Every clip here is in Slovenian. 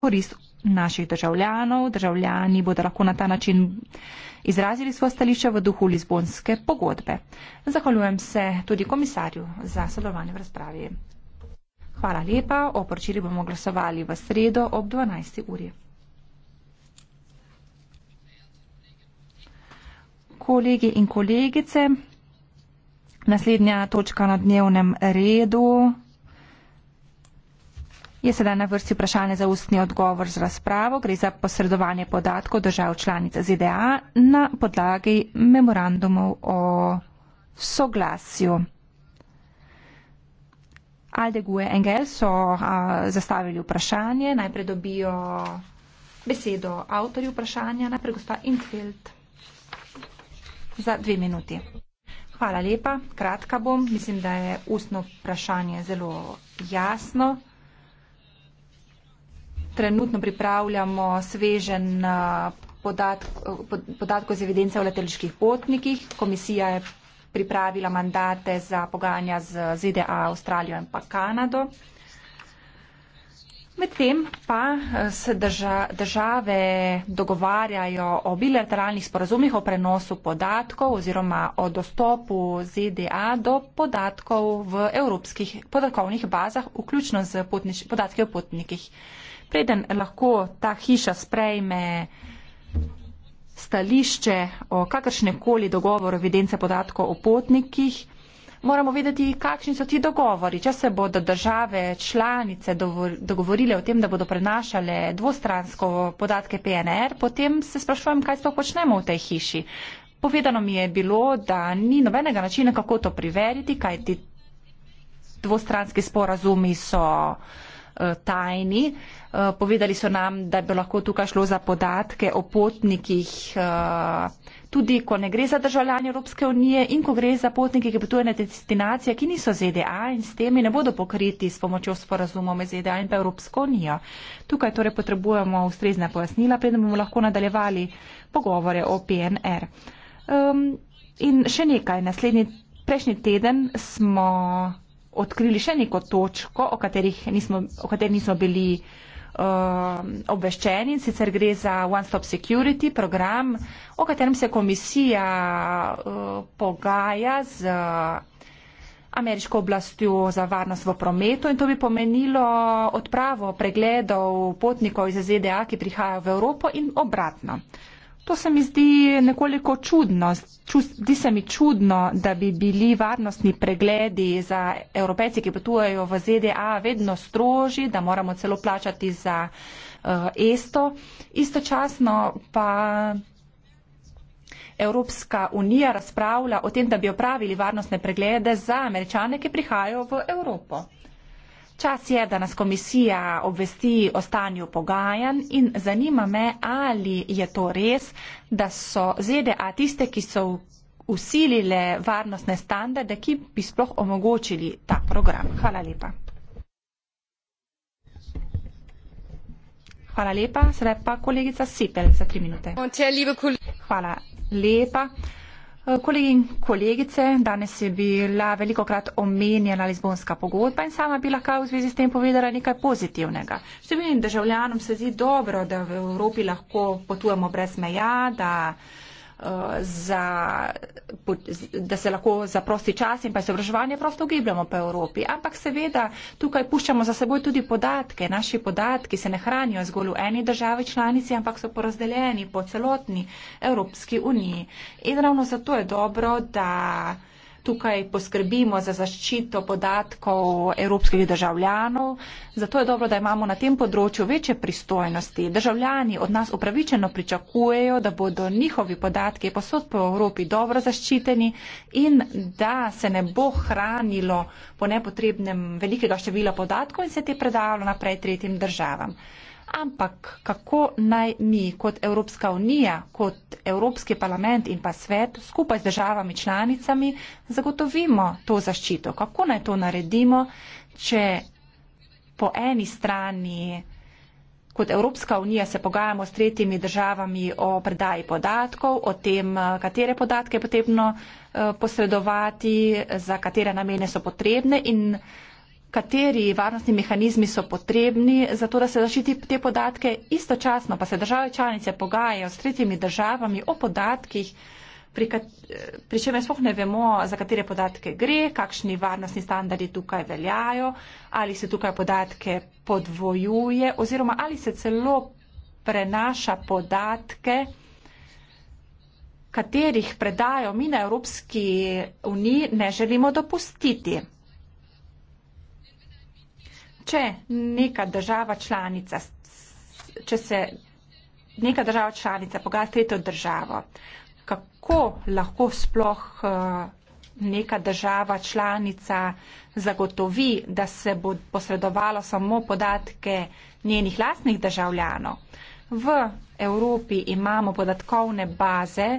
korist naših državljanov. Državljani bodo lahko na ta način izrazili svoje stališče v duhu Lizbonske pogodbe. Zahvaljujem se tudi komisarju za sodelovanje v razpravi. Hvala lepa. O poročili bomo glasovali v sredo ob 12. uri. Kolegi in kolegice, naslednja točka na dnevnem redu. Je sedaj na vrsti vprašanje za ustni odgovor z razpravo. Gre za posredovanje podatkov držav članic ZDA na podlagi memorandumov o soglasju. Alde Gue Engel so a, zastavili vprašanje. Najprej dobijo besedo avtorju vprašanja, najprej gospa Infeld za dve minuti. Hvala lepa, kratka bom. Mislim, da je ustno vprašanje zelo jasno trenutno pripravljamo svežen eh, eh, podatkov z evidence o letaliških potnikih. Komisija je pripravila mandate za pogajanja z ZDA, Avstralijo in pa Kanado. Medtem pa eh, se države dogovarjajo o bilateralnih sporazumih o prenosu podatkov oziroma o dostopu ZDA do podatkov v evropskih podatkovnih bazah, vključno z podatki o potnikih preden lahko ta hiša sprejme stališče o kakršnekoli dogovor evidence podatkov o potnikih, moramo vedeti, kakšni so ti dogovori. Če se bodo države članice dogovorile o tem, da bodo prenašale dvostransko podatke PNR, potem se sprašujem, kaj sploh počnemo v tej hiši. Povedano mi je bilo, da ni nobenega načina, kako to priveriti, kaj ti dvostranski sporazumi so. Eh, tajni. Eh, povedali so nam, da bi lahko tukaj šlo za podatke o potnikih, eh, tudi ko ne gre za državljanje Evropske unije in ko gre za potnike, ki potujejo na destinacije, ki niso ZDA in s temi ne bodo pokriti s pomočjo sporazumov med ZDA in pa Evropsko unijo. Tukaj torej potrebujemo ustrezna pojasnila, preden bomo lahko nadaljevali pogovore o PNR. Um, in še nekaj, naslednji, prejšnji teden smo odkrili še neko točko, o, nismo, o kateri nismo bili uh, obveščeni. Sicer gre za One Stop Security program, o katerem se komisija uh, pogaja z uh, ameriško oblastjo za varnost v prometu in to bi pomenilo odpravo pregledov potnikov iz ZDA, ki prihajajo v Evropo in obratno. Uh, To se mi zdi nekoliko čudno. Zdi se mi čudno, da bi bili varnostni pregledi za evropejce, ki potujejo v ZDA, vedno stroži, da moramo celo plačati za uh, ESTO. Istočasno pa Evropska unija razpravlja o tem, da bi opravili varnostne preglede za američane, ki prihajajo v Evropo. Čas je, da nas komisija obvesti o stanju pogajanj in zanima me, ali je to res, da so ZDA tiste, ki so usilile varnostne standarde, ki bi sploh omogočili ta program. Hvala lepa. Hvala lepa. Sedaj pa kolegica Sipel za tri minute. Hvala lepa. Kolegi in kolegice, danes je bila veliko krat omenjena Lizbonska pogodba in sama bi lahko v zvezi s tem povedala nekaj pozitivnega. Številnim državljanom se zdi dobro, da v Evropi lahko potujemo brez meja, da za, da se lahko za prosti čas in pa izobraževanje prosto gibljamo po Evropi. Ampak seveda tukaj puščamo za seboj tudi podatke. Naši podatki se ne hranijo zgolj v eni državi članici, ampak so porazdeljeni po celotni Evropski uniji. In ravno zato je dobro, da tukaj poskrbimo za zaščito podatkov evropskih državljanov. Zato je dobro, da imamo na tem področju večje pristojnosti. Državljani od nas upravičeno pričakujejo, da bodo njihovi podatki posod po Evropi dobro zaščiteni in da se ne bo hranilo po nepotrebnem velikega števila podatkov in se te predavalo naprej tretjim državam ampak kako naj mi kot Evropska unija, kot Evropski parlament in pa svet skupaj z državami članicami zagotovimo to zaščito? Kako naj to naredimo, če po eni strani kot Evropska unija se pogajamo s tretjimi državami o predaji podatkov, o tem, katere podatke je potrebno eh, posredovati, za katere namene so potrebne in kateri varnostni mehanizmi so potrebni za to, da se zaščiti te podatke. Istočasno pa se države članice pogajajo s tretjimi državami o podatkih, pri, pri čemer sploh ne vemo, za katere podatke gre, kakšni varnostni standardi tukaj veljajo, ali se tukaj podatke podvojuje oziroma ali se celo prenaša podatke katerih predajo mi na Evropski uniji ne želimo dopustiti če neka država članica, če se neka država članica pogaja s tretjo državo, kako lahko sploh eh, neka država članica zagotovi, da se bo posredovalo samo podatke njenih lastnih državljanov? V Evropi imamo podatkovne baze,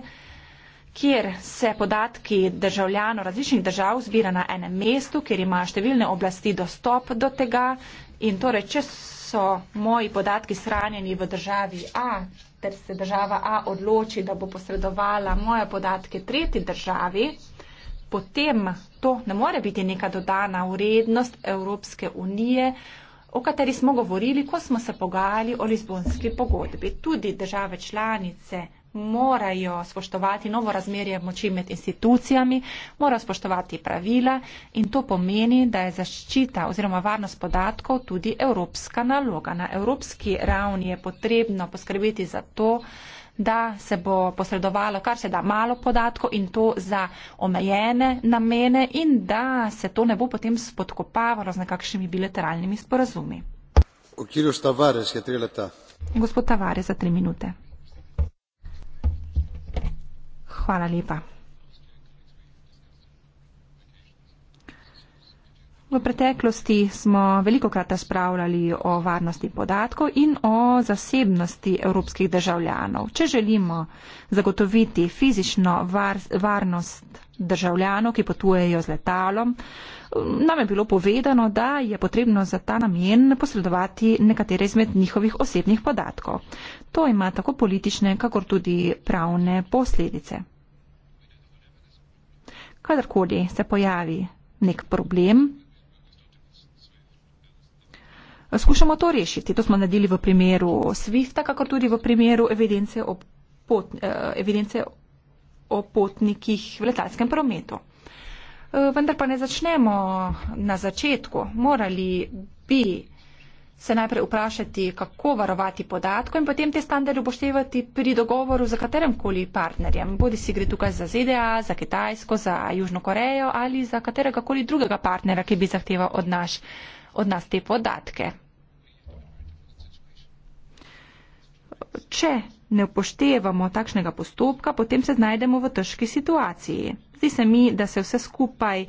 kjer se podatki državljanov različnih držav zbira na enem mestu, kjer ima številne oblasti dostop do tega. In torej, če so moji podatki shranjeni v državi A, ter se država A odloči, da bo posredovala moje podatke tretji državi, potem to ne more biti neka dodana vrednost Evropske unije, o kateri smo govorili, ko smo se pogajali o Lizbonski pogodbi. Tudi države članice morajo spoštovati novo razmerje moči med institucijami, morajo spoštovati pravila in to pomeni, da je zaščita oziroma varnost podatkov tudi evropska naloga. Na evropski ravni je potrebno poskrbeti za to, da se bo posredovalo kar se da malo podatkov in to za omejene namene in da se to ne bo potem spodkopavalo z nekakšnimi bilateralnimi sporazumi. Gospod Tavares, za tri minute. Hvala lepa. V preteklosti smo veliko krat razpravljali o varnosti podatkov in o zasebnosti evropskih državljanov. Če želimo zagotoviti fizično var, varnost državljanov, ki potujejo z letalom, nam je bilo povedano, da je potrebno za ta namen posredovati nekatere izmed njihovih osebnih podatkov. To ima tako politične, kakor tudi pravne posledice kadarkoli se pojavi nek problem, skušamo to rešiti. To smo naredili v primeru SWIFT-a, kakor tudi v primeru evidence o, pot, eh, evidence o potnikih v letalskem prometu. Eh, vendar pa ne začnemo na začetku. Morali bi se najprej vprašati, kako varovati podatko in potem te standarde upoštevati pri dogovoru z katerem koli partnerjem. Bodi si gre tukaj za ZDA, za Kitajsko, za Južno Korejo ali za katerega koli drugega partnera, ki bi zahteval od, naš, od nas te podatke. Če ne upoštevamo takšnega postopka, potem se znajdemo v težki situaciji. Zdi se mi, da se vse skupaj,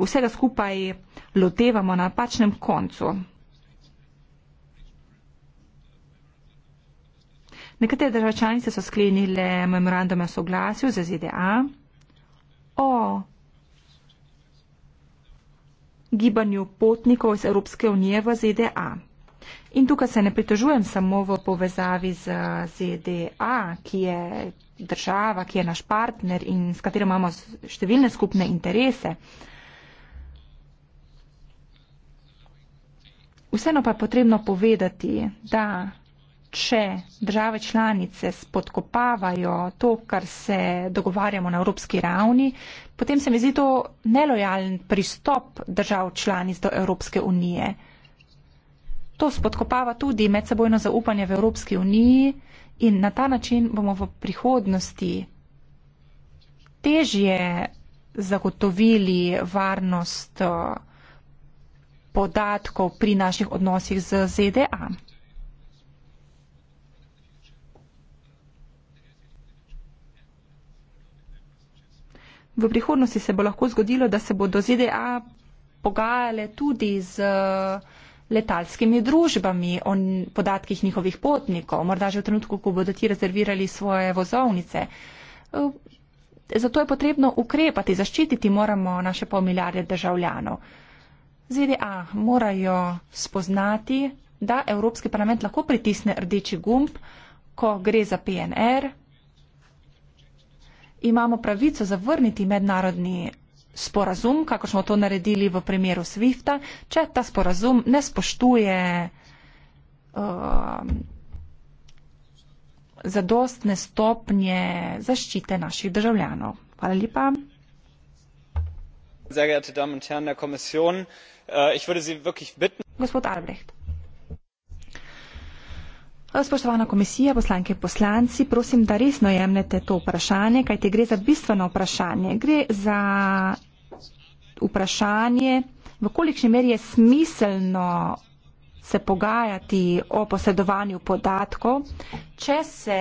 vsega skupaj lotevamo na pačnem koncu. Nekatere države članice so sklenile memorandume o soglasju za ZDA o gibanju potnikov iz Evropske unije v ZDA. In tukaj se ne pritožujem samo v povezavi z ZDA, ki je država, ki je naš partner in s katero imamo številne skupne interese. Vseeno pa je potrebno povedati, da če države članice spodkopavajo to, kar se dogovarjamo na evropski ravni, potem se mi zdi to nelojalen pristop držav članic do Evropske unije. To spodkopava tudi medsebojno zaupanje v Evropski uniji in na ta način bomo v prihodnosti težje zagotovili varnost eh, podatkov pri naših odnosih z ZDA. V prihodnosti se bo lahko zgodilo, da se bodo ZDA pogajale tudi z eh, letalskimi družbami o podatkih njihovih potnikov, morda že v trenutku, ko bodo ti rezervirali svoje vozovnice. Eh, zato je potrebno ukrepati, zaščititi moramo naše pol milijarde državljanov. ZDA morajo spoznati, da Evropski parlament lahko pritisne rdeči gumb, ko gre za PNR, imamo pravico zavrniti mednarodni sporazum, kako smo to naredili v primeru SWIFT-a, če ta sporazum ne spoštuje um, zadostne stopnje zaščite naših državljanov. Hvala lepa. Äh, Gospod Albrecht. Spoštovana komisija, poslanke in poslanci, prosim, da resno jemljete to vprašanje, kajte gre za bistveno vprašanje. Gre za vprašanje, v kolikšni meri je smiselno se pogajati o posedovanju podatkov, če se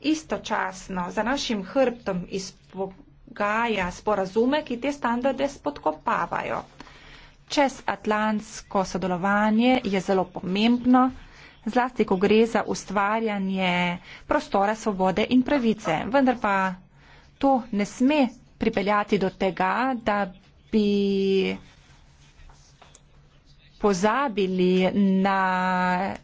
istočasno za našim hrbtom izpogaja sporazume, ki te standarde spodkopavajo. Čez atlantsko sodelovanje je zelo pomembno, zlasti ko gre za ustvarjanje prostora svobode in pravice. Vendar pa to ne sme pripeljati do tega, da bi pozabili na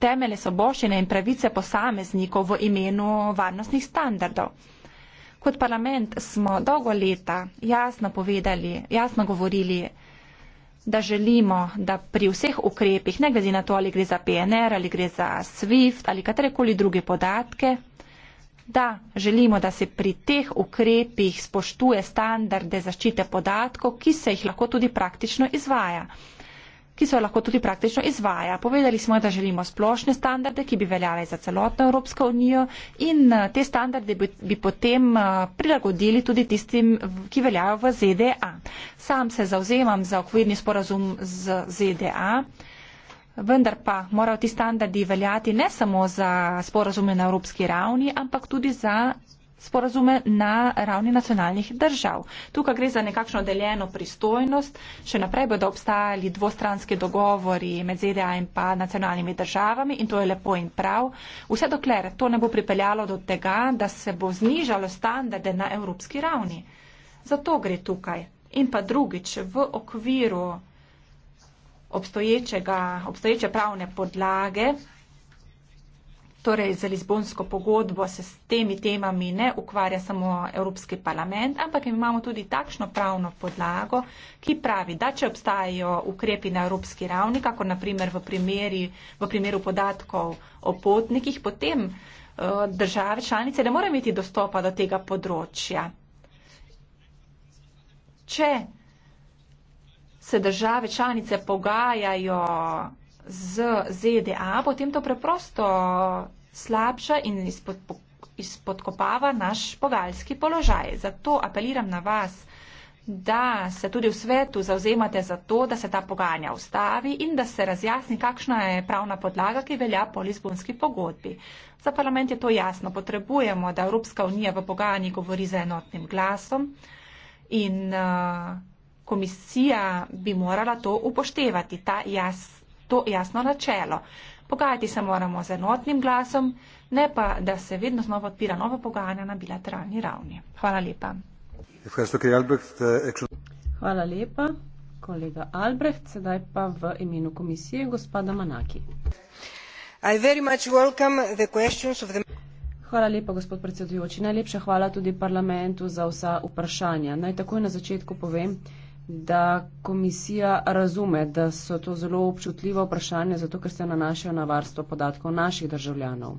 temele soboščine in pravice posameznikov v imenu varnostnih standardov. Kot parlament smo dolgo leta jasno povedali, jasno govorili, da želimo, da pri vseh ukrepih, ne glede na to, ali gre za PNR, ali gre za SWIFT ali katerekoli druge podatke, da želimo, da se pri teh ukrepih spoštuje standarde zaščite podatkov, ki se jih lahko tudi praktično izvaja ki se jo lahko tudi praktično izvaja. Povedali smo, da želimo splošne standarde, ki bi veljale za celotno Evropsko unijo in eh, te standarde bi, bi potem eh, prilagodili tudi tistim, ki veljajo v ZDA. Sam se zauzemam za okvirni sporazum z ZDA. Vendar pa morajo ti standardi veljati ne samo za sporazume na evropski ravni, ampak tudi za sporazume na ravni nacionalnih držav. Tukaj gre za nekakšno deljeno pristojnost, še naprej bodo obstajali dvostranski dogovori med ZDA in pa nacionalnimi državami in to je lepo in prav. Vse dokler to ne bo pripeljalo do tega, da se bo znižalo standarde na evropski ravni. Zato gre tukaj. In pa drugič, v okviru obstoječe pravne podlage Torej, za Lizbonsko pogodbo se s temi temami ne ukvarja samo Evropski parlament, ampak imamo tudi takšno pravno podlago, ki pravi, da če obstajajo ukrepi na evropski ravni, kako naprimer v, primeri, v primeru podatkov o potnikih, potem uh, države članice ne morejo imeti dostopa do tega področja. Če se države članice pogajajo z ZDA, potem to preprosto slabša in izpod, izpodkopava naš pogajalski položaj. Zato apeliram na vas, da se tudi v svetu zauzemate za to, da se ta pogajanja ustavi in da se razjasni, kakšna je pravna podlaga, ki velja po Lizbonski pogodbi. Za parlament je to jasno. Potrebujemo, da Evropska unija v pogajanji govori z enotnim glasom in uh, komisija bi morala to upoštevati, ta jasnost to jasno načelo. Pogajati se moramo z enotnim glasom, ne pa, da se vedno znova odpira nova pogajanja na bilateralni ravni. Hvala lepa. Hvala lepa, kolega Albrecht. Sedaj pa v imenu komisije gospoda Manaki. Hvala lepa, gospod predsedujoči. Najlepša hvala tudi parlamentu za vsa vprašanja. Naj takoj na začetku povem, da komisija razume, da so to zelo občutljivo vprašanje, zato ker se nanašajo na varstvo podatkov naših državljanov.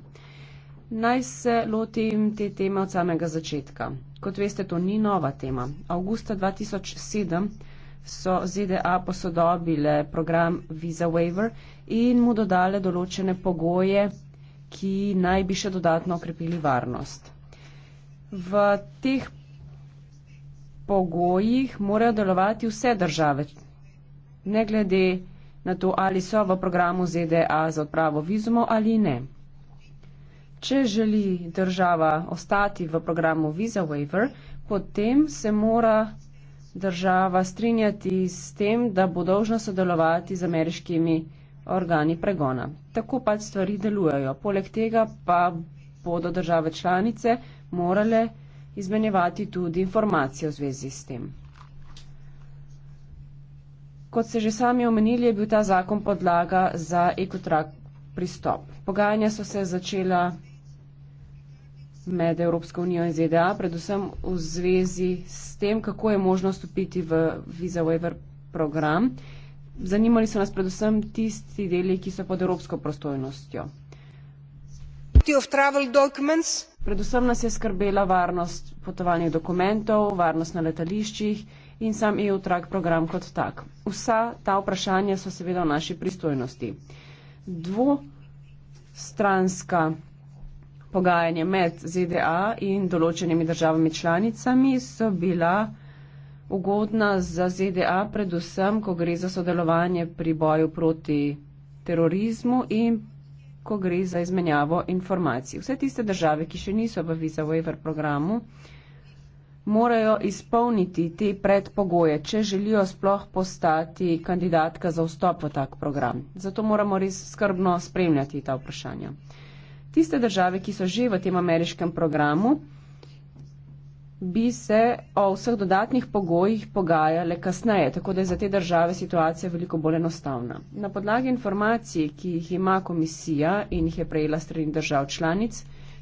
Naj se lotim te teme od samega začetka. Kot veste, to ni nova tema. Augusta 2007 so ZDA posodobile program Visa Waiver in mu dodale določene pogoje, ki naj bi še dodatno okrepili varnost. V teh pogojih morajo delovati vse države, ne glede na to, ali so v programu ZDA za odpravo vizumov ali ne. Če želi država ostati v programu Visa Waiver, potem se mora država strinjati s tem, da bo dolžna sodelovati z ameriškimi organi pregona. Tako pač stvari delujejo. Poleg tega pa bodo države članice morale izmenjevati tudi informacije v zvezi s tem. Kot ste že sami omenili, je bil ta zakon podlaga za ekotrak pristop. Pogajanja so se začela med Evropsko unijo in ZDA, predvsem v zvezi s tem, kako je možno vstopiti v Visa Waiver program. Zanimali so nas predvsem tisti deli, ki so pod evropsko prostojnostjo. Predvsem nas je skrbela varnost potovalnih dokumentov, varnost na letališčih in sam EU-trak program kot tak. Vsa ta vprašanja so seveda v naši pristojnosti. Dvostranska pogajanja med ZDA in določenimi državami članicami so bila ugodna za ZDA, predvsem, ko gre za sodelovanje pri boju proti terorizmu in ko gre za izmenjavo informacij. Vse tiste države, ki še niso v Visa Waiver programu, morajo izpolniti te predpogoje, če želijo sploh postati kandidatka za vstop v tak program. Zato moramo res skrbno spremljati ta vprašanja. Tiste države, ki so že v tem ameriškem programu, bi se o vseh dodatnih pogojih pogajale kasneje, tako da je za te države situacija veliko bolj enostavna. Na podlagi informacij, ki jih ima komisija in jih je prejela strani držav članic,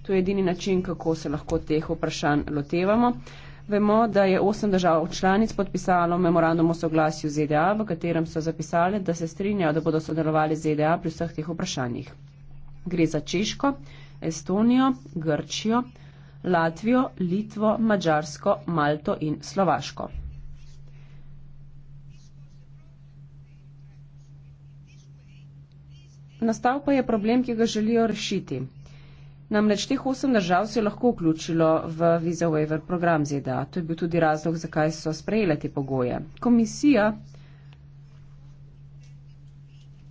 to je edini način, kako se lahko teh vprašanj lotevamo. Vemo, da je osem držav članic podpisalo memorandum o soglasju ZDA, v katerem so zapisali, da se strinjajo, da bodo sodelovali ZDA pri vseh teh vprašanjih. Gre za Češko, Estonijo, Grčijo, Latvijo, Litvo, Mačarsko, Malto in Slovaško. Nastal pa je problem, ki ga želijo rešiti. Namreč teh osem držav se je lahko vključilo v Visa Waiver program ZDA. To je bil tudi razlog, zakaj so sprejele te pogoje. Komisija,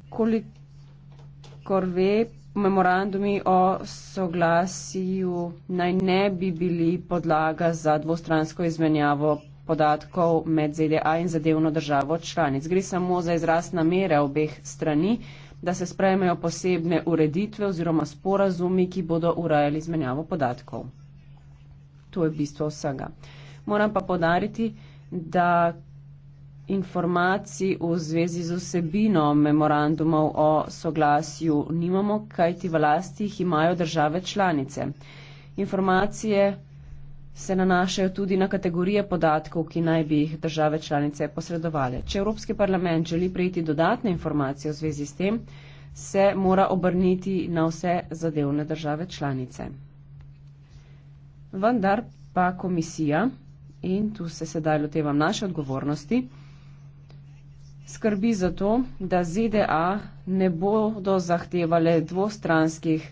kolikor ve, memorandumi o soglasju naj ne bi bili podlaga za dvostransko izmenjavo podatkov med ZDA in zadevno državo članic. Gre samo za izraz namere obeh strani, da se sprejmejo posebne ureditve oziroma sporazumi, ki bodo urajali izmenjavo podatkov. To je bistvo vsega. Moram pa podariti, da informacij v zvezi z vsebino memorandumov o soglasju nimamo, kajti v lastih imajo države članice. Informacije se nanašajo tudi na kategorije podatkov, ki naj bi jih države članice posredovali. Če Evropski parlament želi prejiti dodatne informacije v zvezi s tem, se mora obrniti na vse zadevne države članice. Vendar pa komisija, in tu se sedaj lotevam naše odgovornosti, skrbi za to, da ZDA ne bodo zahtevale dvostranskih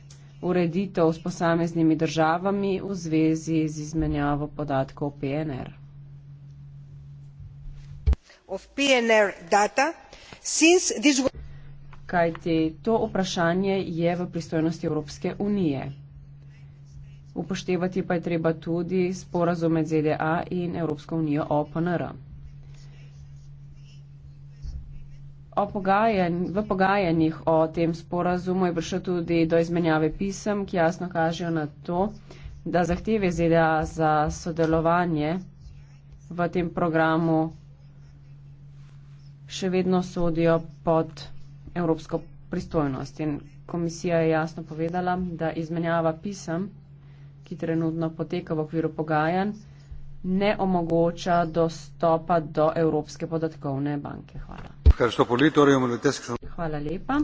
ureditev s posameznimi državami v zvezi z izmenjavo podatkov PNR. PNR data, this... Kajti to vprašanje je v pristojnosti Evropske unije. Upoštevati pa je treba tudi sporazum med ZDA in Evropsko unijo o PNR. -a. pogajanj, v pogajanjih o tem sporazumu je prišlo tudi do izmenjave pisem, ki jasno kažejo na to, da zahteve ZDA za sodelovanje v tem programu še vedno sodijo pod evropsko pristojnost. In komisija je jasno povedala, da izmenjava pisem, ki trenutno poteka v okviru pogajanj, ne omogoča dostopa do Evropske podatkovne banke. Hvala. Hvala lepa.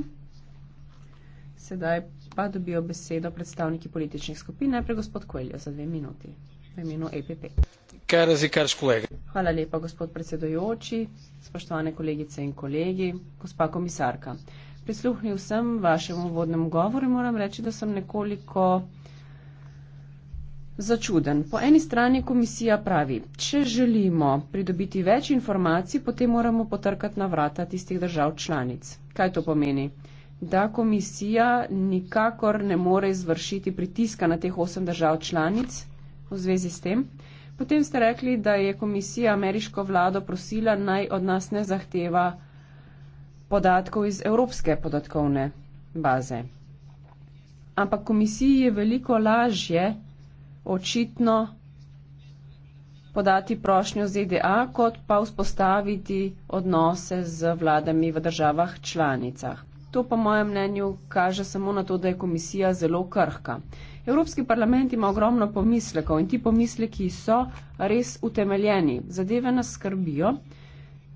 Sedaj pa dobijo besedo predstavniki političnih skupin. Najprej gospod Koeljo za dve minuti v imenu EPP. Hvala lepa, gospod predsedojoči, spoštovane kolegice in kolegi, gospa komisarka. Prisluhnil sem vašemu vodnemu govoru in moram reči, da sem nekoliko začuden. Po eni strani komisija pravi, če želimo pridobiti več informacij, potem moramo potrkati na vrata tistih držav članic. Kaj to pomeni? Da komisija nikakor ne more izvršiti pritiska na teh osem držav članic v zvezi s tem. Potem ste rekli, da je komisija ameriško vlado prosila naj od nas ne zahteva podatkov iz evropske podatkovne baze. Ampak komisiji je veliko lažje očitno podati prošnjo ZDA, kot pa vzpostaviti odnose z vladami v državah članicah. To po mojem mnenju kaže samo na to, da je komisija zelo krhka. Evropski parlament ima ogromno pomislekov in ti pomisleki so res utemeljeni. Zadeve nas skrbijo,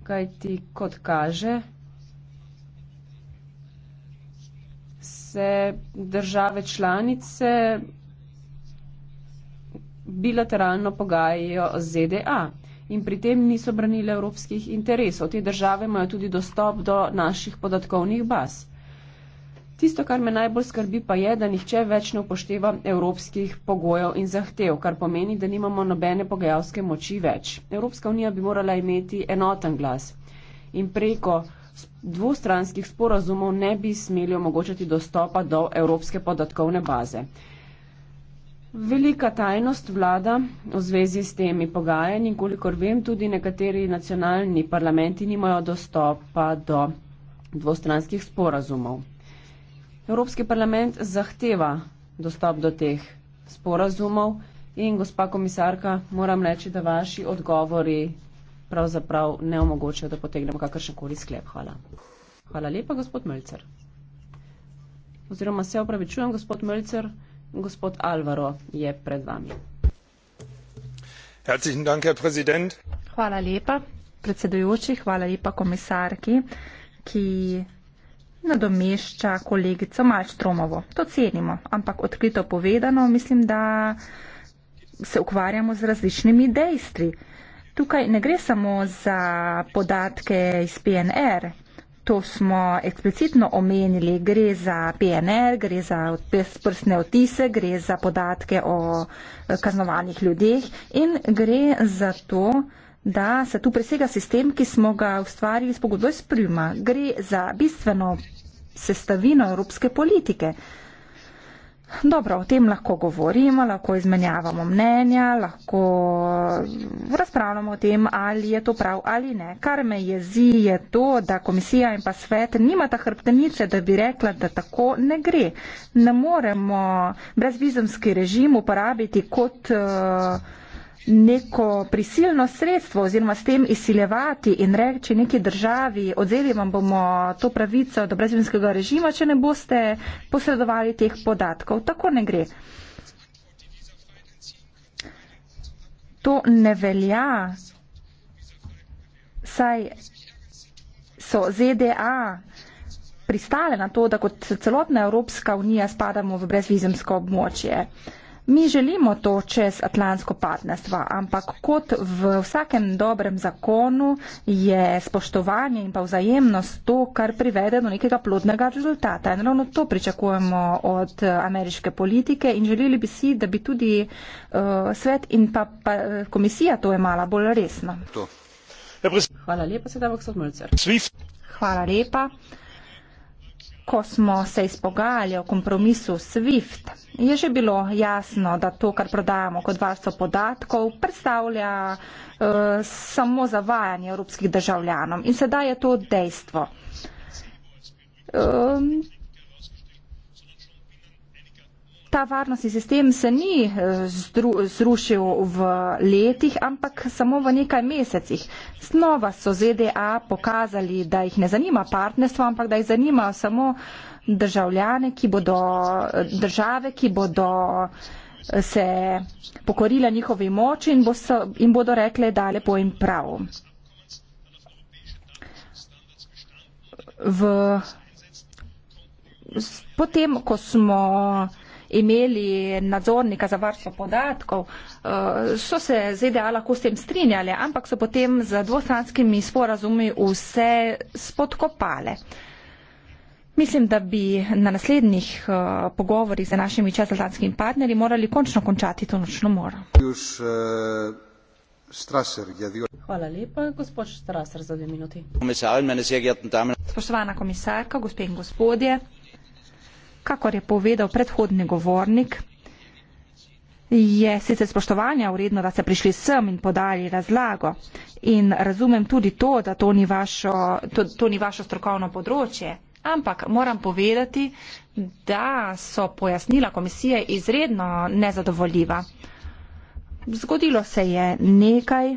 kajti kot kaže, se države članice bilateralno pogajajo z ZDA in pri tem niso branile evropskih interesov. Te države imajo tudi dostop do naših podatkovnih baz. Tisto, kar me najbolj skrbi, pa je, da nihče več ne upošteva evropskih pogojev in zahtev, kar pomeni, da nimamo nobene pogajalske moči več. Evropska unija bi morala imeti enoten glas in preko dvostranskih sporazumov ne bi smeli omogočati dostopa do evropske podatkovne baze. Velika tajnost vlada v zvezi s temi pogajanji, kolikor vem, tudi nekateri nacionalni parlamenti nimajo dostopa do dvostranskih sporazumov. Evropski parlament zahteva dostop do teh sporazumov in, gospa komisarka, moram reči, da vaši odgovori pravzaprav ne omogočajo, da potegnemo kakršenkoli sklep. Hvala. Hvala lepa, gospod Mlcer. Oziroma se opravičujem, gospod Mlcer. Gospod Alvaro je pred vami. Hvala lepa, predsedujoči, hvala lepa komisarki, ki nadomešča kolegico Malčtromovo. To cenimo, ampak odkrito povedano, mislim, da se ukvarjamo z različnimi dejstvi. Tukaj ne gre samo za podatke iz PNR, to smo eksplicitno omenili, gre za PNR, gre za prstne otise, gre za podatke o eh, kaznovanih ljudeh in gre za to, da se tu presega sistem, ki smo ga ustvarili s pogodbo iz Prima. Gre za bistveno sestavino evropske politike. Dobro, o tem lahko govorimo, lahko izmenjavamo mnenja, lahko razpravljamo o tem, ali je to prav ali ne. Kar me jezi je to, da komisija in pa svet nimata hrbtenice, da bi rekla, da tako ne gre. Ne moremo brezvizumski režim uporabiti kot. Uh, neko prisilno sredstvo oziroma s tem izsiljevati in reči neki državi, odzeli vam bomo to pravico do brezvinskega režima, če ne boste posredovali teh podatkov. Tako ne gre. To ne velja, saj so ZDA pristale na to, da kot celotna Evropska unija spadamo v brezvizemsko območje. Mi želimo to čez atlantsko partnerstvo, ampak kot v vsakem dobrem zakonu je spoštovanje in pa vzajemnost to, kar privede do nekega plodnega rezultata. In ravno to pričakujemo od eh, ameriške politike in želeli bi si, da bi tudi uh, svet in pa, pa eh, komisija to imala bolj resno. Ja, Hvala lepa, sedaj Vokso Mölcer. Hvala lepa. Ko smo se izpogajali o kompromisu SWIFT, je že bilo jasno, da to, kar prodajamo kot varstvo podatkov, predstavlja uh, samo zavajanje evropskih državljanov. In sedaj je to dejstvo. Um, Ta varnostni sistem se ni eh, zrušil v letih, ampak samo v nekaj mesecih. Znova so ZDA pokazali, da jih ne zanima partnerstvo, ampak da jih zanima samo državljane, ki bodo države, ki bodo eh, se pokorile njihovi moči in, bo so, in bodo rekle, da lepo jim prav. V, potem, ko smo imeli nadzornika za varstvo podatkov, eh, so se ZDA lahko s tem strinjali, ampak so potem z dvostranskimi sporazumi vse spodkopale. Mislim, da bi na naslednjih eh, pogovorih z našimi čezatlantskimi partnerji morali končno končati to nočno moro. Eh, ja, Hvala lepa, gospod Strasser, za dve minuti. Spoštovana komisarka, gospe in gospodje. Kakor je povedal predhodni govornik, je sicer spoštovanja vredno, da ste prišli sem in podali razlago. In razumem tudi to, da to ni vašo, to, to ni vašo strokovno področje. Ampak moram povedati, da so pojasnila komisije izredno nezadovoljiva. Zgodilo se je nekaj,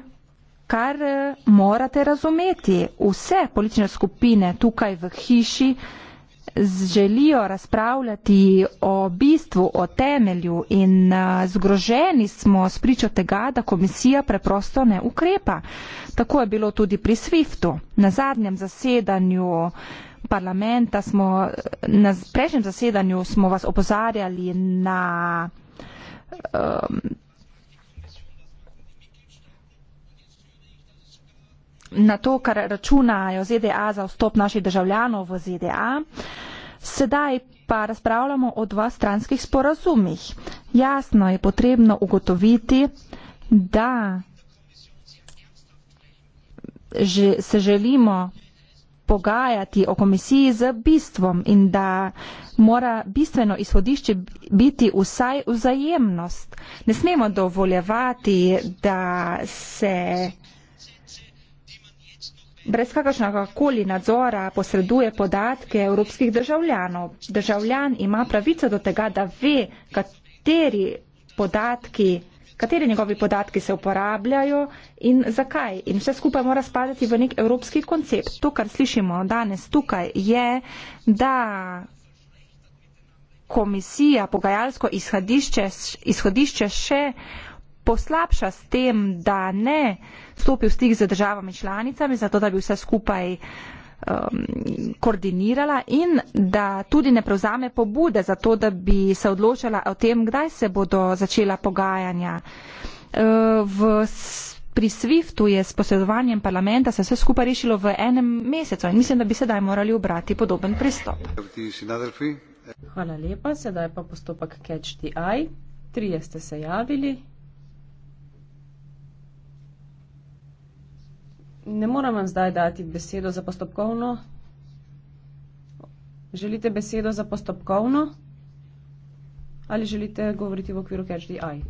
kar eh, morate razumeti. Vse politične skupine tukaj v hiši želijo razpravljati o bistvu, o temelju in eh, zgroženi smo spričo tega, da komisija preprosto ne ukrepa. Tako je bilo tudi pri SWIFT-u. Na zadnjem zasedanju parlamenta smo, eh, na prejšnjem zasedanju smo vas opozarjali na um, na to, kar računajo ZDA za vstop naših državljanov v ZDA. Sedaj pa razpravljamo o dva stranskih sporazumih. Jasno je potrebno ugotoviti, da že, se želimo pogajati o komisiji z bistvom in da mora bistveno izhodišče biti vsaj vzajemnost. Ne smemo dovoljevati, da se brez kakršnega koli nadzora posreduje podatke evropskih državljanov. Državljan ima pravico do tega, da ve, kateri podatki, kateri njegovi podatki se uporabljajo in zakaj. In vse skupaj mora spadati v nek evropski koncept. To, kar slišimo danes tukaj, je, da komisija, pogajalsko izhodišče, izhodišče še poslabša s tem, da ne stopi v stik z državami članicami, zato da bi vse skupaj um, koordinirala in da tudi ne prevzame pobude za to, da bi se odločala o tem, kdaj se bodo začela pogajanja. Uh, v, pri SWIFT-u je s posredovanjem parlamenta se vse skupaj rešilo v enem mesecu in mislim, da bi sedaj morali obrati podoben pristop. Hvala lepa, sedaj pa postopek Catch the Eye. Trije ste se javili, Ne morem vam zdaj dati besedo za postopkovno. Želite besedo za postopkovno? Ali želite govoriti v okviru Catch the Eye?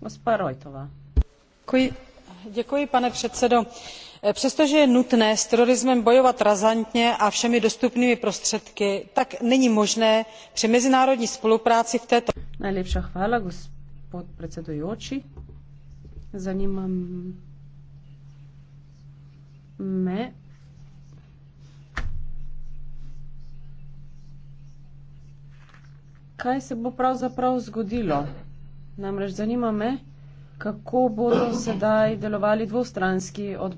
Gospa Rojtova. Děkuji. Děkuji, pane předsedo. Přestože je nutné s terorismem bojovat razantně a všemi dostupnými prostředky, tak není možné při mezinárodní spolupráci v této... Najlepša hvala, gospod predsedujoči zanima me. Kaj se bo pravzaprav zgodilo? Namreč zanima me, kako bodo sedaj delovali dvostranski od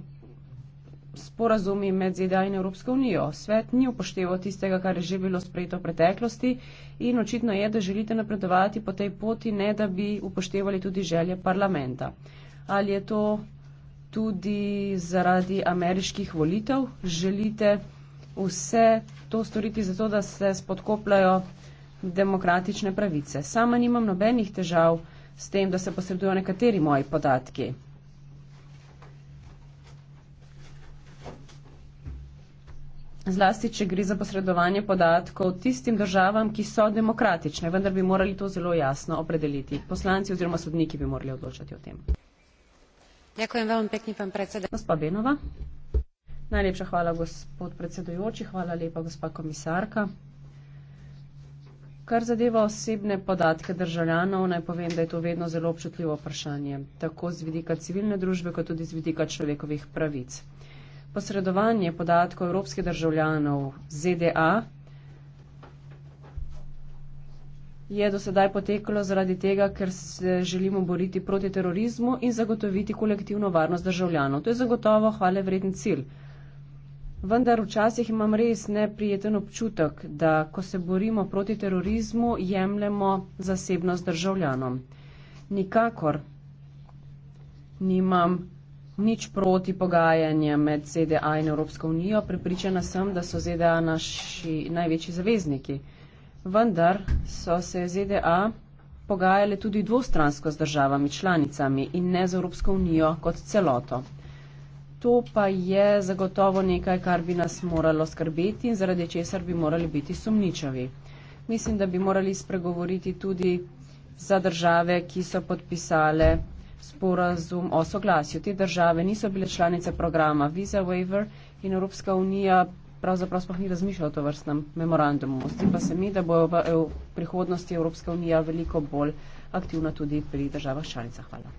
sporazumi med ZDA in Evropsko unijo. Svet ni upošteval tistega, kar je že bilo sprejeto v preteklosti in očitno je, da želite napredovati po tej poti, ne da bi upoštevali tudi želje parlamenta ali je to tudi zaradi ameriških volitev? Želite vse to storiti zato, da se spodkopljajo demokratične pravice? Sama nimam nobenih težav s tem, da se posredujo nekateri moji podatki. Zlasti, če gre za posredovanje podatkov tistim državam, ki so demokratične, vendar bi morali to zelo jasno opredeliti. Poslanci oziroma sodniki bi morali odločati o tem. Najlepša hvala, gospod predsedujoči. Hvala lepa, gospa komisarka. Kar zadeva osebne podatke državljanov, naj povem, da je to vedno zelo občutljivo vprašanje, tako z vidika civilne družbe, kot tudi z vidika človekovih pravic. Posredovanje podatkov evropskih državljanov ZDA je do sedaj poteklo zaradi tega, ker se želimo boriti proti terorizmu in zagotoviti kolektivno varnost državljanov. To je zagotovo hvale vreden cilj. Vendar včasih imam res neprijeten občutek, da ko se borimo proti terorizmu, jemljemo zasebnost državljanom. Nikakor nimam nič proti pogajanja med ZDA in Evropsko unijo. Pripričana sem, da so ZDA naši največji zavezniki vendar so se ZDA pogajale tudi dvostransko z državami članicami in ne z Evropsko unijo kot celoto. To pa je zagotovo nekaj, kar bi nas moralo skrbeti in zaradi česar bi morali biti sumničavi. Mislim, da bi morali spregovoriti tudi za države, ki so podpisale sporazum o soglasju. Te države niso bile članice programa Visa Waiver in Evropska unija pravzaprav sploh ni razmišljal o to vrstnem memorandumu. Zdi pa se mi, da bo v, v prihodnosti Evropska unija veliko bolj aktivna tudi pri državah članicah. Hvala.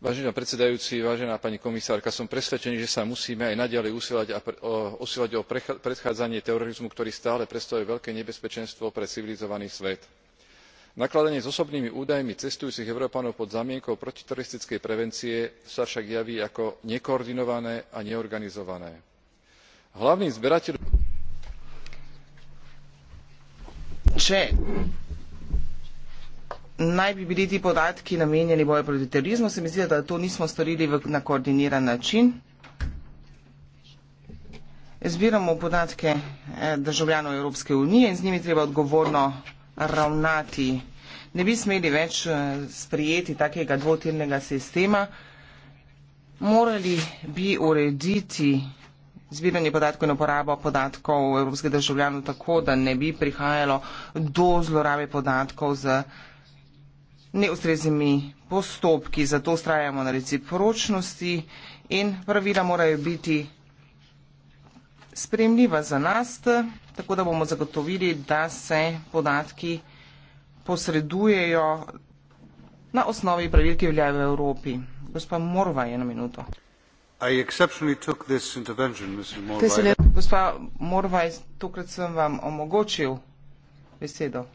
Vážená predsedajúci, vážená pani komisárka, som presvedčený, že sa musíme aj naďalej usilovať, a pre, o, usilovať o predchádzanie terorizmu, ktorý stále predstavuje veľké nebezpečenstvo pre civilizovaný svet nakladanie s osobnými údajmi cestujúcich európanov pod zámienkou protiteroristickej prevencie sa však javí ako nekoordinované a neorganizované. hlavným zberateľom Če naj bi bili ti podatki namenjeni boju proti terorizmu, se mi zdi, da to nismo storili v, na koordiniran način. Zbiramo podatke eh, državljanov Evropske unije in z njimi treba odgovorno ravnati ne bi smeli več eh, sprijeti takega dvotirnega sistema. Morali bi urediti zbiranje podatkov in uporabo podatkov evropskih državljanov tako, da ne bi prihajalo do zlorabe podatkov z neustreznimi postopki. Zato ustrajamo na recipročnosti in pravila morajo biti spremljiva za nas, tako da bomo zagotovili, da se podatki posredujejo na osnovi pravil, ki veljajo v Evropi. Gospa Morva, eno minuto. I exceptionally took this intervention, Mr. Morvai. Gospa Morvai, tokrat sem vam omogočil besedo.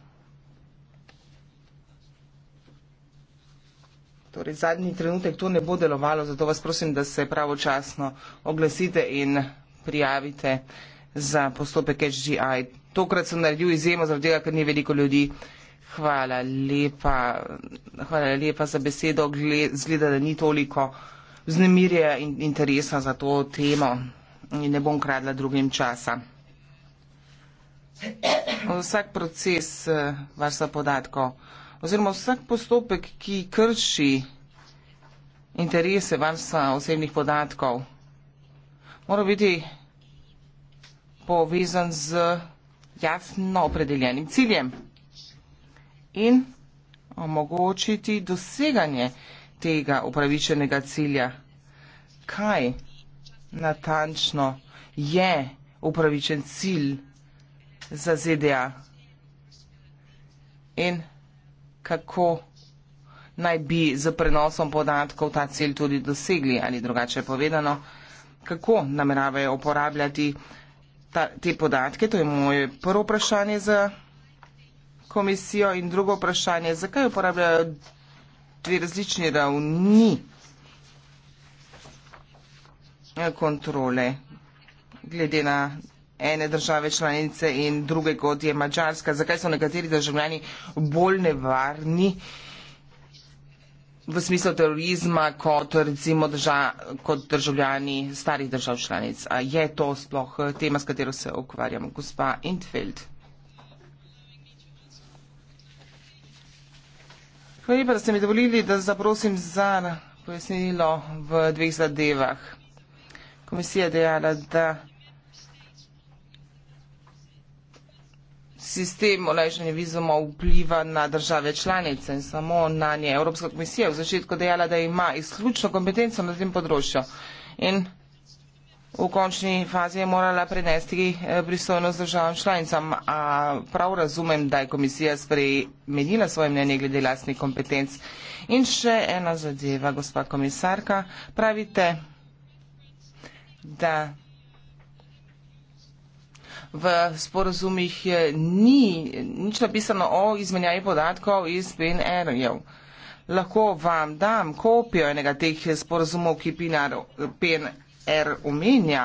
Torej, zadnji trenutek to ne bo delovalo, zato vas prosim, da se pravočasno oglasite in prijavite za postopek HGI. Tokrat sem naredil izjemo zaradi tega, ker ni veliko ljudi. Hvala lepa, hvala lepa za besedo. Zgleda, da ni toliko znemirja in interesa za to temo in ne bom kradla drugim časa. Vsak proces eh, varstva podatkov oziroma vsak postopek, ki krši interese varstva osebnih podatkov, mora biti povezan z jasno opredeljenim ciljem in omogočiti doseganje tega upravičenega cilja. Kaj natančno je upravičen cilj za ZDA in kako naj bi z prenosom podatkov ta cilj tudi dosegli ali drugače povedano, kako nameravajo uporabljati ta, te podatke, to je moje prvo vprašanje za komisijo in drugo vprašanje, zakaj uporabljajo dve različni ravni kontrole glede na ene države članice in druge kot je Mačarska, zakaj so nekateri državljani bolj nevarni v smislu terorizma kot recimo drža, kot državljani starih držav članic. A je to sploh tema, s katero se ukvarjamo? Gospa Intfeld. Hvala lepa, da ste mi dovolili, da zaprosim za pojasnilo v dveh zadevah. Komisija je dejala, da sistem olajšanja vizoma vpliva na države članice in samo na nje. Evropska komisija je v začetku dejala, da ima izključno kompetenco na tem področju. In v končni fazi je morala prenesti eh, pristojnost državam članicam. A prav razumem, da je komisija spremenila svoje mnenje glede lastnih kompetenc. In še ena zadeva, gospa komisarka. Pravite, da v sporozumih eh, ni nič napisano o izmenjavi podatkov iz PNR-jev. Lahko vam dam kopijo enega teh sporozumov, ki PNR R omenja,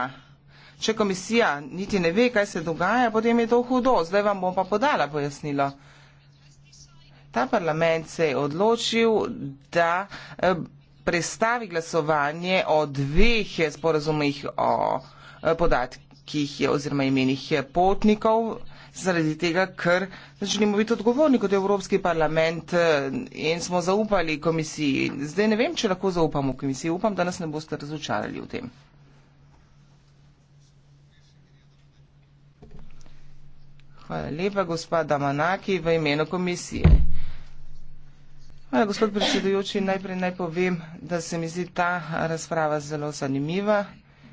če komisija niti ne ve, kaj se dogaja, potem je to hudo. Zdaj vam bom pa podala pojasnilo. Ta parlament se je odločil, da eh, prestavi glasovanje o dveh sporazumih o eh, podatkih oziroma imenih potnikov, zaradi tega, ker začnemo biti odgovorni kot Evropski parlament eh, in smo zaupali komisiji. Zdaj ne vem, če lahko zaupamo komisiji. Upam, da nas ne boste razočarali v tem. Hvala lepa, gospa Damanaki, v imenu komisije. Hvala, gospod predsedujoči. Najprej naj povem, da se mi zdi ta razprava zelo zanimiva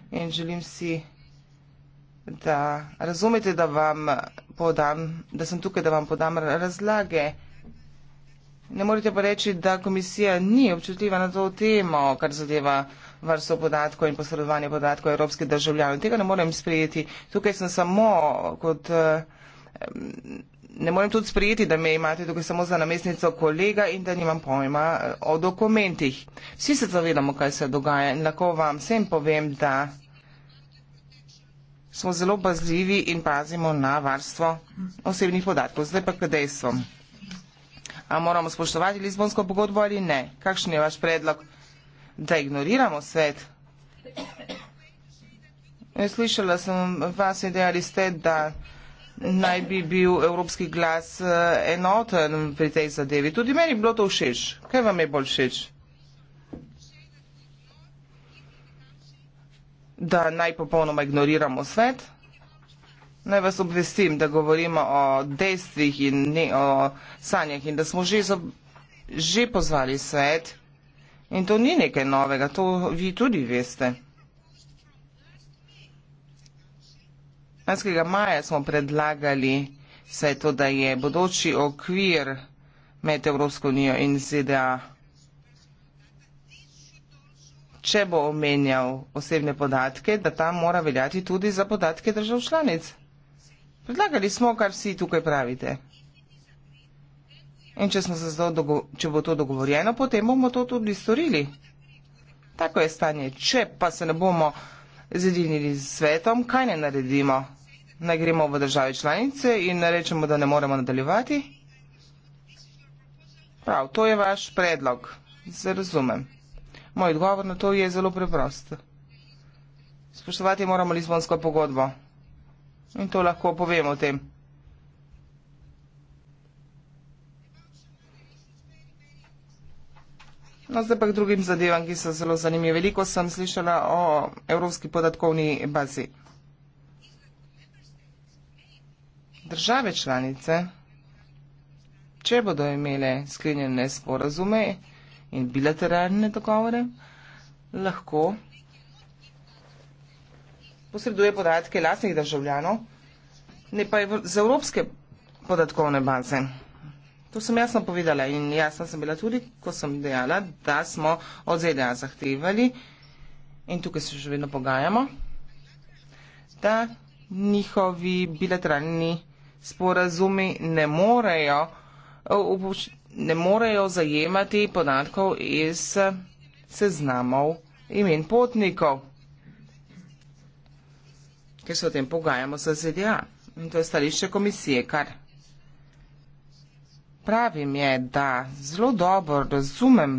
in želim si, da razumete, da, vam podam, da sem tukaj, da vam podam razlage. Ne morete pa reči, da komisija ni občutljiva na to temo, kar zadeva varstvo podatkov in posredovanje podatkov evropskih državljanov. Tega ne morem sprejeti. Tukaj sem samo kot uh, ne morem tudi sprijeti, da me imate tukaj samo za namestnico kolega in da nimam pojma eh, o dokumentih. Vsi se zavedamo, kaj se dogaja in lahko vam vsem povem, da smo zelo bazljivi in pazimo na varstvo osebnih podatkov. Zdaj pa k dejstvom. A moramo spoštovati Lizbonsko pogodbo ali ne? Kakšen je vaš predlog, da ignoriramo svet? Eh, slišala sem vas in dejali ste, da naj bi bil evropski glas eh, enoten pri tej zadevi. Tudi meni bilo to všeč. Kaj vam je bolj všeč? Da naj popolnoma ignoriramo svet. Naj vas obvestim, da govorimo o dejstvih in ne o sanjah in da smo že, zob, že pozvali svet. In to ni nekaj novega, to vi tudi veste. Lanskega maja smo predlagali vse to, da je bodoči okvir med Evropsko unijo in ZDA, če bo omenjal osebne podatke, da tam mora veljati tudi za podatke držav članic. Predlagali smo, kar vsi tukaj pravite. In če, dogo če bo to dogovorjeno, potem bomo to tudi storili. Tako je stanje. Če pa se ne bomo zedinili z svetom, kaj ne naredimo. Naj gremo v države članice in rečemo, da ne moremo nadaljevati. Prav, to je vaš predlog, se razumem. Moj odgovor na to je zelo preprost. Spoštovati moramo Lizbonsko pogodbo. In to lahko povemo o tem. No, zdaj pa k drugim zadevam, ki so zelo zanimive. Veliko sem slišala o evropski podatkovni bazi. Države članice, če bodo imele sklenjene sporazume in bilateralne dogovore, lahko posreduje podatke lastnih državljanov, ne pa iz evropske podatkovne baze. To sem jasno povedala in jasna sem bila tudi, ko sem dejala, da smo od ZDA zahtevali in tukaj se že vedno pogajamo, da njihovi bilateralni sporazumi ne morejo, ne morejo zajemati podatkov iz seznamov imen potnikov, ker se o tem pogajamo z ZDA. In to je stališče komisije, kar pravim je, da zelo dobro razumem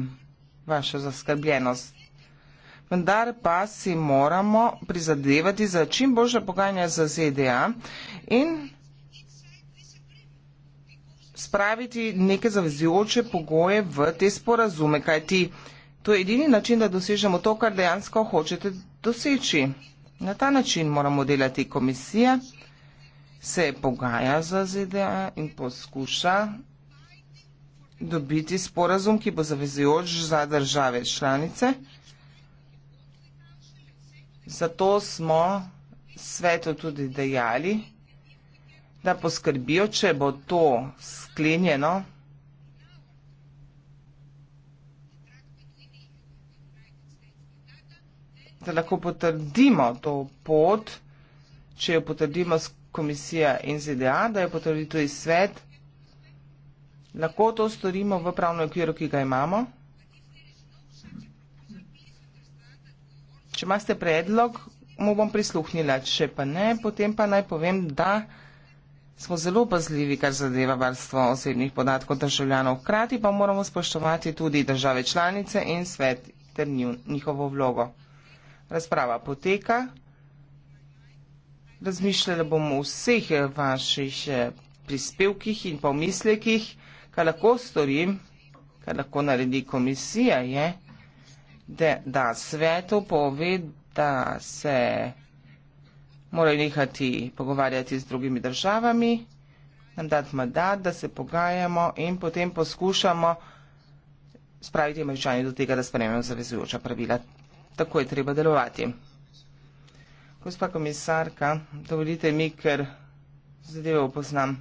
vašo zaskrbljenost, vendar pa si moramo prizadevati za čim boljše pogajanja za ZDA in spraviti neke zavezujoče pogoje v te sporazume, kajti to je edini način, da dosežemo to, kar dejansko hočete doseči. Na ta način moramo delati komisija, se pogaja za ZDA in poskuša dobiti sporazum, ki bo zavezujoč za države članice. Zato smo svetu tudi dejali, da poskrbijo, če bo to sklenjeno, da lahko potrdimo to pot, če jo potrdimo komisija in ZDA, da jo potrdi tudi svet, Lahko to storimo v pravnem okviru, ki ga imamo. Če imate predlog, mu bom prisluhnila, če pa ne, potem pa naj povem, da smo zelo pazljivi, kar zadeva varstvo osebnih podatkov državljanov. Hkrati pa moramo spoštovati tudi države članice in svet ter njihovo vlogo. Razprava poteka. Razmišljala bom o vseh vaših eh, prispevkih in pomislekih. Kaj lahko storim, kaj lahko naredi komisija, je, da, da svetu pove, da se morajo nehati pogovarjati z drugimi državami, nam dati mandat, da se pogajamo in potem poskušamo spraviti američani do tega, da sprejmemo zavezujoča pravila. Tako je treba delovati. Gospa komisarka, dovolite mi, ker zadevo poznam.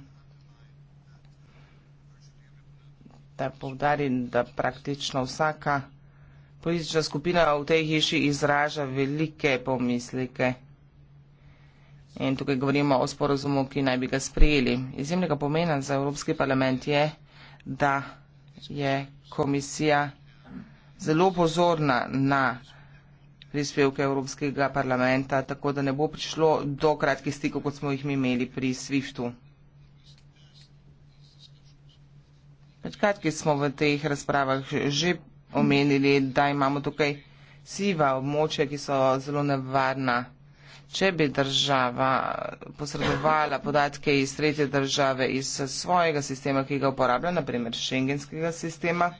da povdarim, da praktično vsaka politična skupina v tej hiši izraža velike pomislike. In tukaj govorimo o sporozumu, ki naj bi ga sprijeli. Izjemnega pomena za Evropski parlament je, da je komisija zelo pozorna na prispevke Evropskega parlamenta, tako da ne bo prišlo do kratkih stikov, kot smo jih mi imeli pri SWIFT-u. Med kratki smo v teh razpravah že omenili, da imamo tukaj siva območja, ki so zelo nevarna. Če bi država posredovala podatke iz tretje države iz svojega sistema, ki ga uporablja, naprimer šengenskega sistema,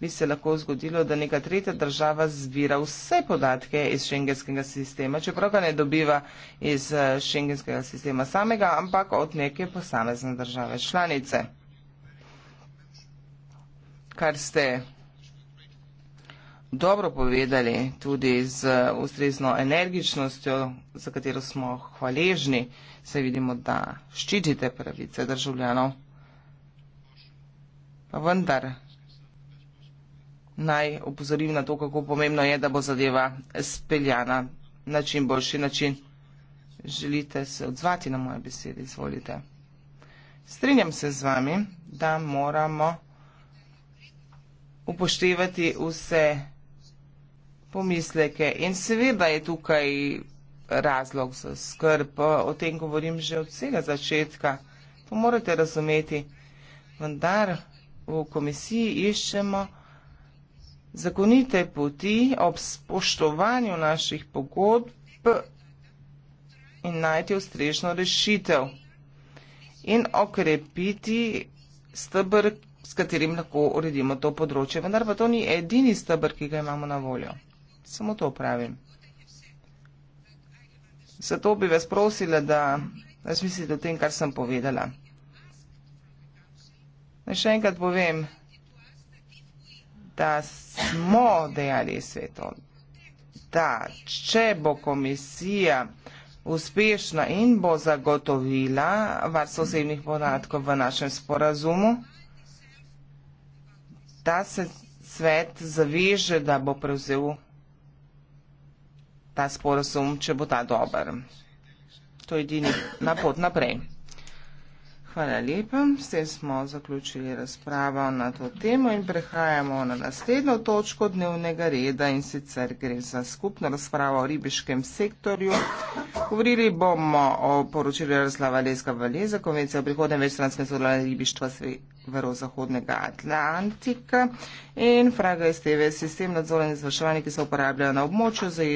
bi se lahko zgodilo, da neka tretja država zbira vse podatke iz šengenskega sistema, čeprav ga ne dobiva iz eh, šengenskega sistema samega, ampak od neke posamezne države članice kar ste dobro povedali, tudi z ustrezno energičnostjo, za katero smo hvaležni, se vidimo, da ščitite pravice državljanov. Pa vendar naj opozorim na to, kako pomembno je, da bo zadeva speljana na čim boljši način. Želite se odzvati na moje besede, izvolite. Strinjam se z vami, da moramo upoštevati vse pomisleke. In seveda je tukaj razlog za skrb, o tem govorim že od vsega začetka, to morate razumeti. Vendar v komisiji iščemo zakonite poti ob spoštovanju naših pogodb in najti ustrežno rešitev in okrepiti stebr, s katerim lahko uredimo to področje. Vendar pa to ni edini stebr, ki ga imamo na voljo. Samo to pravim. Zato bi vas prosila, da razmislite o tem, kar sem povedala. Naj še enkrat povem, da smo dejali sveto, da če bo komisija uspešna in bo zagotovila varstvo osebnih podatkov v našem sporazumu, ta se svet zaveže, da bo prevzel ta sporozum, če bo ta dober. To je edini napot naprej. Hvala lepa. S tem smo zaključili razpravo na to temo in prehajamo na naslednjo točko dnevnega reda in sicer gre za skupno razpravo o ribiškem sektorju. Govorili bomo o poročilu Razla Valeska Valeza, konvencija o prihodnem večstranskem sodelovanju ribištva severozahodnega Atlantika in Fraga STV, sistem nadzora in izvrševanja, ki se uporablja na območju zajed.